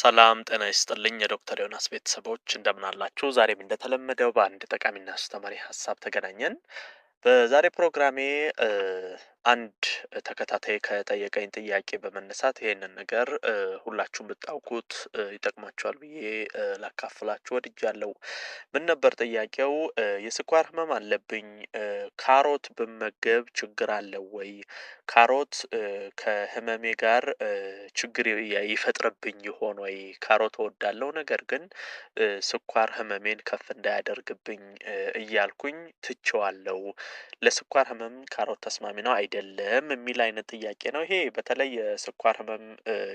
ሰላም ጤና ይስጥልኝ የዶክተር ዮናስ ቤተሰቦች እንደምናላችሁ። ዛሬም እንደተለመደው በአንድ ጠቃሚና አስተማሪ ሀሳብ ተገናኘን። በዛሬ ፕሮግራሜ አንድ ተከታታይ ከጠየቀኝ ጥያቄ በመነሳት ይሄንን ነገር ሁላችሁም ብታውቁት ይጠቅማችኋል ብዬ ላካፍላችሁ ወድጃለሁ። ምን ነበር ጥያቄው? የስኳር ህመም አለብኝ፣ ካሮት ብመገብ ችግር አለው ወይ? ካሮት ከህመሜ ጋር ችግር ይፈጥርብኝ ይሆን ወይ? ካሮት እወዳለሁ፣ ነገር ግን ስኳር ህመሜን ከፍ እንዳያደርግብኝ እያልኩኝ ትቼዋለሁ። ለስኳር ህመም ካሮት ተስማሚ ነው አይደለም የሚል አይነት ጥያቄ ነው ይሄ። በተለይ የስኳር ህመም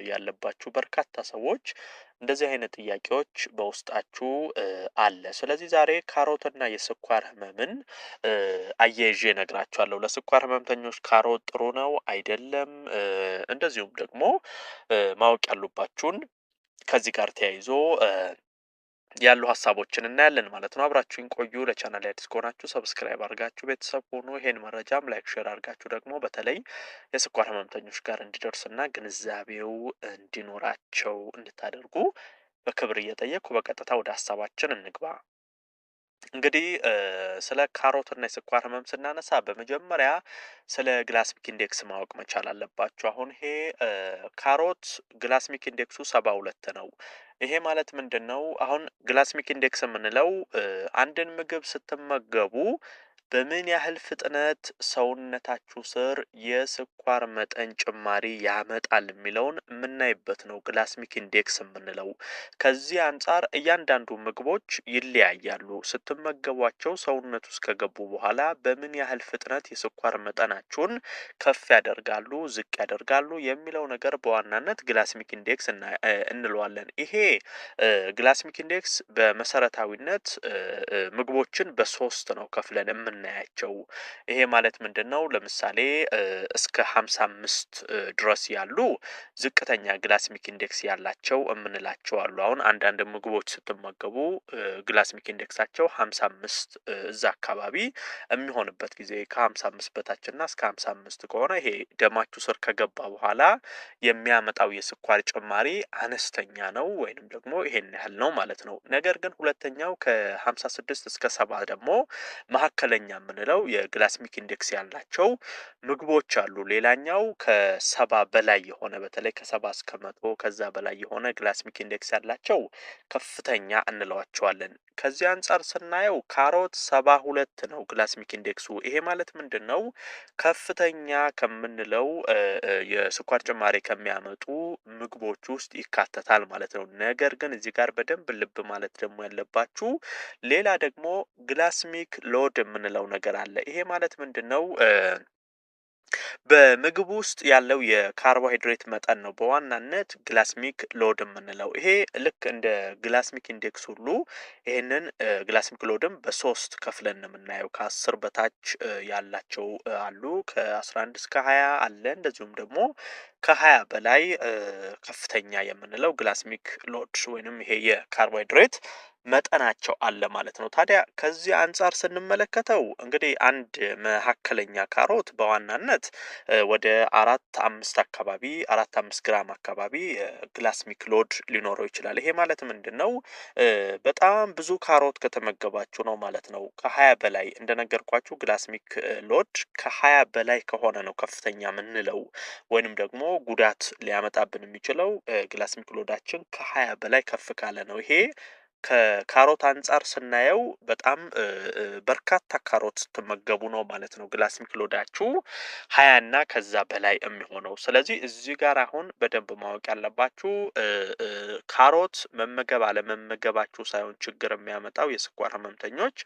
ያለባችሁ በርካታ ሰዎች እንደዚህ አይነት ጥያቄዎች በውስጣችሁ አለ። ስለዚህ ዛሬ ካሮትና የስኳር ህመምን አያይዤ እነግራችኋለሁ። ለስኳር ህመምተኞች ካሮት ጥሩ ነው አይደለም፣ እንደዚሁም ደግሞ ማወቅ ያሉባችሁን ከዚህ ጋር ተያይዞ ያሉ ሀሳቦችን እናያለን ማለት ነው። አብራችሁን ቆዩ። ለቻናል አዲስ ከሆናችሁ ሰብስክራይብ አድርጋችሁ ቤተሰብ ሆኖ ይሄን መረጃም ላይክ፣ ሼር አድርጋችሁ ደግሞ በተለይ የስኳር ህመምተኞች ጋር እንዲደርስና ግንዛቤው እንዲኖራቸው እንድታደርጉ በክብር እየጠየቅኩ በቀጥታ ወደ ሀሳባችን እንግባ። እንግዲህ ስለ ካሮትና የስኳር ህመም ስናነሳ በመጀመሪያ ስለ ግላስሚክ ኢንዴክስ ማወቅ መቻል አለባቸው አሁን ይሄ ካሮት ግላስሚክ ኢንዴክሱ ሰባ ሁለት ነው። ይሄ ማለት ምንድን ነው? አሁን ግላስሚክ ኢንዴክስ የምንለው አንድን ምግብ ስትመገቡ በምን ያህል ፍጥነት ሰውነታችሁ ስር የስኳር መጠን ጭማሪ ያመጣል የሚለውን የምናይበት ነው። ግላስሚክ ኢንዴክስ የምንለው ከዚህ አንጻር እያንዳንዱ ምግቦች ይለያያሉ። ስትመገቧቸው ሰውነት ውስጥ ከገቡ በኋላ በምን ያህል ፍጥነት የስኳር መጠናችሁን ከፍ ያደርጋሉ፣ ዝቅ ያደርጋሉ የሚለው ነገር በዋናነት ግላስሚክ ኢንዴክስ እንለዋለን። ይሄ ግላስሚክ ኢንዴክስ በመሰረታዊነት ምግቦችን በሶስት ነው ከፍለን የምናየው እናያቸው። ይሄ ማለት ምንድን ነው? ለምሳሌ እስከ ሀምሳ አምስት ድረስ ያሉ ዝቅተኛ ግላስሚክ ኢንዴክስ ያላቸው የምንላቸው አሉ። አሁን አንዳንድ ምግቦች ስትመገቡ ግላስሚክ ኢንዴክሳቸው ሀምሳ አምስት እዛ አካባቢ የሚሆንበት ጊዜ ከሀምሳ አምስት በታችና እስከ ሀምሳ አምስት ከሆነ ይሄ ደማችሁ ስር ከገባ በኋላ የሚያመጣው የስኳር ጭማሪ አነስተኛ ነው ወይንም ደግሞ ይሄን ያህል ነው ማለት ነው። ነገር ግን ሁለተኛው ከ56 እስከ ሰባ ደግሞ መካከለኛ የምንለው የግላስሚክ ኢንዴክስ ያላቸው ምግቦች አሉ። ሌላኛው ከሰባ በላይ የሆነ በተለይ ከሰባ እስከ መቶ ከዛ በላይ የሆነ ግላስሚክ ኢንዴክስ ያላቸው ከፍተኛ እንለዋቸዋለን። ከዚህ አንጻር ስናየው ካሮት ሰባ ሁለት ነው ግላስሚክ ኢንዴክሱ። ይሄ ማለት ምንድን ነው? ከፍተኛ ከምንለው የስኳር ጭማሪ ከሚያመጡ ምግቦች ውስጥ ይካተታል ማለት ነው። ነገር ግን እዚህ ጋር በደንብ ልብ ማለት ደግሞ ያለባችሁ ሌላ ደግሞ ግላስሚክ ሎድ የምንለው የምንለው ነገር አለ። ይሄ ማለት ምንድን ነው? በምግብ ውስጥ ያለው የካርቦሃይድሬት መጠን ነው በዋናነት ግላስሚክ ሎድ የምንለው። ይሄ ልክ እንደ ግላስሚክ ኢንዴክስ ሁሉ ይህንን ግላስሚክ ሎድም በሶስት ከፍለን የምናየው ከአስር በታች ያላቸው አሉ፣ ከአስራ አንድ እስከ ሀያ አለ። እንደዚሁም ደግሞ ከሀያ በላይ ከፍተኛ የምንለው ግላስሚክ ሎድ ወይንም ይሄ የካርቦሃይድሬት መጠናቸው አለ ማለት ነው። ታዲያ ከዚህ አንጻር ስንመለከተው እንግዲህ አንድ መካከለኛ ካሮት በዋናነት ወደ አራት አምስት አካባቢ አራት አምስት ግራም አካባቢ ግላስሚክ ሎድ ሊኖረው ይችላል። ይሄ ማለት ምንድን ነው? በጣም ብዙ ካሮት ከተመገባችሁ ነው ማለት ነው። ከሀያ በላይ እንደነገርኳችሁ ግላስሚክ ሎድ ከሀያ በላይ ከሆነ ነው ከፍተኛ የምንለው ወይንም ደግሞ ጉዳት ሊያመጣብን የሚችለው ግላስሚክ ሎዳችን ከሀያ በላይ ከፍ ካለ ነው ይሄ ከካሮት አንጻር ስናየው በጣም በርካታ ካሮት ስትመገቡ ነው ማለት ነው ሚክሎዳችሁ ሎዳችሁ እና ከዛ በላይ የሚሆነው። ስለዚህ እዚህ ጋር አሁን በደንብ ማወቅ ያለባችሁ ካሮት መመገብ አለመመገባችሁ ሳይሆን ችግር የሚያመጣው የስኳር ህመምተኞች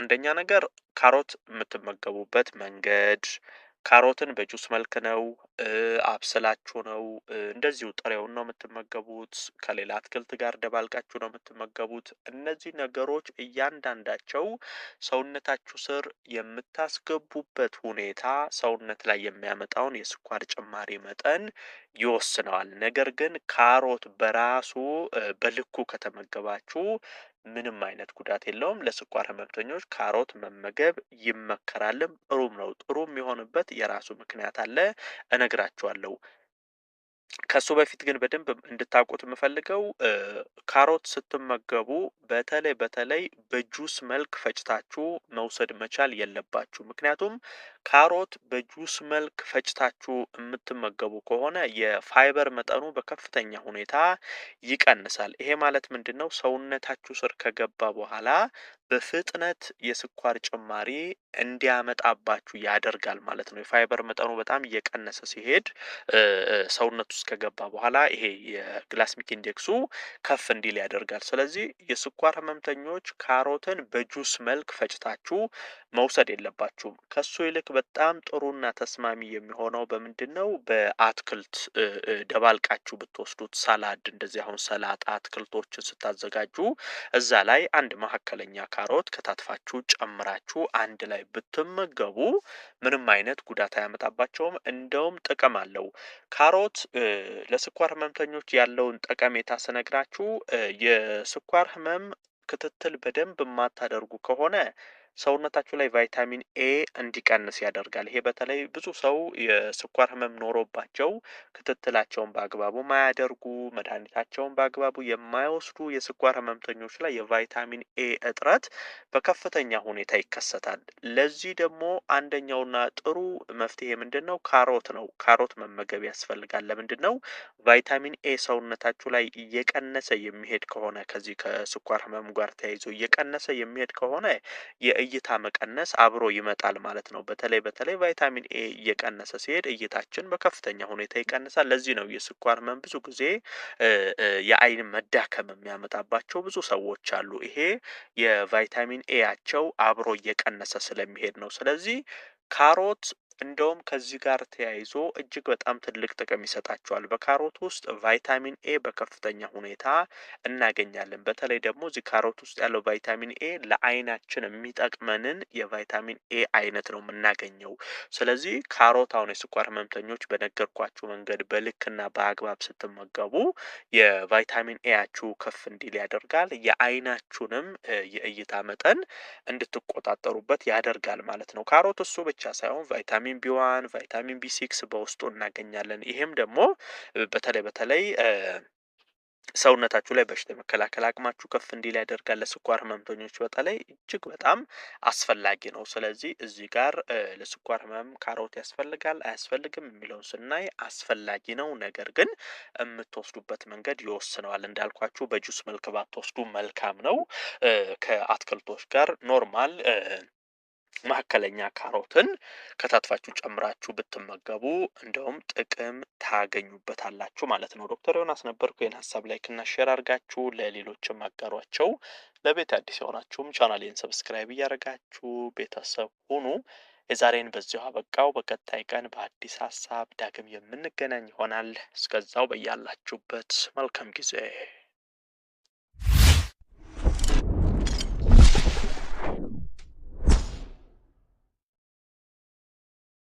አንደኛ ነገር ካሮት የምትመገቡበት መንገድ ካሮትን በጁስ መልክ ነው አብስላችሁ ነው እንደዚሁ ጥሬውን ነው የምትመገቡት። ከሌላ አትክልት ጋር ደባልቃችሁ ነው የምትመገቡት። እነዚህ ነገሮች እያንዳንዳቸው ሰውነታችሁ ስር የምታስገቡበት ሁኔታ ሰውነት ላይ የሚያመጣውን የስኳር ጭማሪ መጠን ይወስነዋል። ነገር ግን ካሮት በራሱ በልኩ ከተመገባችሁ ምንም አይነት ጉዳት የለውም። ለስኳር ህመምተኞች ካሮት መመገብ ይመከራልም፣ ጥሩም ነው። ጥሩ የሚሆንበት የራሱ ምክንያት አለ፣ እነግራችኋለሁ። ከሱ በፊት ግን በደንብ እንድታውቁት የምፈልገው ካሮት ስትመገቡ በተለይ በተለይ በጁስ መልክ ፈጭታችሁ መውሰድ መቻል የለባችሁ። ምክንያቱም ካሮት በጁስ መልክ ፈጭታችሁ የምትመገቡ ከሆነ የፋይበር መጠኑ በከፍተኛ ሁኔታ ይቀንሳል። ይሄ ማለት ምንድን ነው? ሰውነታችሁ ስር ከገባ በኋላ በፍጥነት የስኳር ጭማሪ እንዲያመጣባችሁ ያደርጋል ማለት ነው። የፋይበር መጠኑ በጣም እየቀነሰ ሲሄድ ሰውነት ውስጥ ከገባ በኋላ ይሄ የግላስሚክ ኢንዴክሱ ከፍ እንዲል ያደርጋል። ስለዚህ የስኳር ህመምተኞች ካሮትን በጁስ መልክ ፈጭታችሁ መውሰድ የለባችሁም። ከሱ ይልቅ በጣም ጥሩና ተስማሚ የሚሆነው በምንድን ነው? በአትክልት ደባልቃችሁ ብትወስዱት ሰላድ፣ እንደዚህ አሁን ሰላጣ አትክልቶችን ስታዘጋጁ እዛ ላይ አንድ መካከለኛ ካሮት ከታትፋችሁ ጨምራችሁ አንድ ላይ ብትመገቡ ምንም አይነት ጉዳት አያመጣባቸውም። እንደውም ጥቅም አለው። ካሮት ለስኳር ህመምተኞች ያለውን ጠቀሜታ ስነግራችሁ የስኳር ህመም ክትትል በደንብ የማታደርጉ ከሆነ ሰውነታችሁ ላይ ቫይታሚን ኤ እንዲቀንስ ያደርጋል። ይሄ በተለይ ብዙ ሰው የስኳር ህመም ኖሮባቸው ክትትላቸውን በአግባቡ ማያደርጉ፣ መድኃኒታቸውን በአግባቡ የማይወስዱ የስኳር ህመምተኞች ላይ የቫይታሚን ኤ እጥረት በከፍተኛ ሁኔታ ይከሰታል። ለዚህ ደግሞ አንደኛውና ጥሩ መፍትሄ ምንድን ነው? ካሮት ነው። ካሮት መመገብ ያስፈልጋል። ለምንድን ነው? ቫይታሚን ኤ ሰውነታችሁ ላይ እየቀነሰ የሚሄድ ከሆነ ከዚህ ከስኳር ህመም ጋር ተያይዞ እየቀነሰ የሚሄድ ከሆነ እይታ መቀነስ አብሮ ይመጣል ማለት ነው። በተለይ በተለይ ቫይታሚን ኤ እየቀነሰ ሲሄድ እይታችን በከፍተኛ ሁኔታ ይቀንሳል። ለዚህ ነው የስኳር ህመም ብዙ ጊዜ የአይን መዳከም የሚያመጣባቸው ብዙ ሰዎች አሉ። ይሄ የቫይታሚን ኤያቸው አብሮ እየቀነሰ ስለሚሄድ ነው። ስለዚህ ካሮት እንደውም ከዚህ ጋር ተያይዞ እጅግ በጣም ትልቅ ጥቅም ይሰጣቸዋል። በካሮት ውስጥ ቫይታሚን ኤ በከፍተኛ ሁኔታ እናገኛለን። በተለይ ደግሞ እዚህ ካሮት ውስጥ ያለው ቫይታሚን ኤ ለአይናችን የሚጠቅመንን የቫይታሚን ኤ አይነት ነው የምናገኘው። ስለዚህ ካሮት አሁን የስኳር ህመምተኞች በነገርኳችሁ መንገድ በልክና በአግባብ ስትመገቡ የቫይታሚን ኤያችሁ ከፍ እንዲል ያደርጋል። የአይናችሁንም የእይታ መጠን እንድትቆጣጠሩበት ያደርጋል ማለት ነው። ካሮት እሱ ብቻ ሳይሆን ቫይታሚን ቫይታሚን ቢ ዋን፣ ቫይታሚን ቢ ሲክስ በውስጡ እናገኛለን። ይሄም ደግሞ በተለይ በተለይ ሰውነታችሁ ላይ በሽታ የመከላከል አቅማችሁ ከፍ እንዲል ያደርጋል። ለስኳር ህመምተኞች በተለይ እጅግ በጣም አስፈላጊ ነው። ስለዚህ እዚህ ጋር ለስኳር ህመም ካሮት ያስፈልጋል አያስፈልግም የሚለውን ስናይ አስፈላጊ ነው፣ ነገር ግን የምትወስዱበት መንገድ ይወስነዋል። እንዳልኳችሁ በጁስ መልክ ባትወስዱ መልካም ነው። ከአትክልቶች ጋር ኖርማል መካከለኛ ካሮትን ከታትፋችሁ ጨምራችሁ ብትመገቡ እንደውም ጥቅም ታገኙበታላችሁ ማለት ነው። ዶክተር ዮናስ ነበርኩ። ይህን ሀሳብ ላይክ እና ሼር አድርጋችሁ ለሌሎችም አጋሯቸው። ለቤት አዲስ የሆናችሁም ቻናሌን ሰብስክራይብ እያደረጋችሁ ቤተሰብ ሁኑ። የዛሬን በዚሁ አበቃው። በቀጣይ ቀን በአዲስ ሀሳብ ዳግም የምንገናኝ ይሆናል። እስከዛው በያላችሁበት መልካም ጊዜ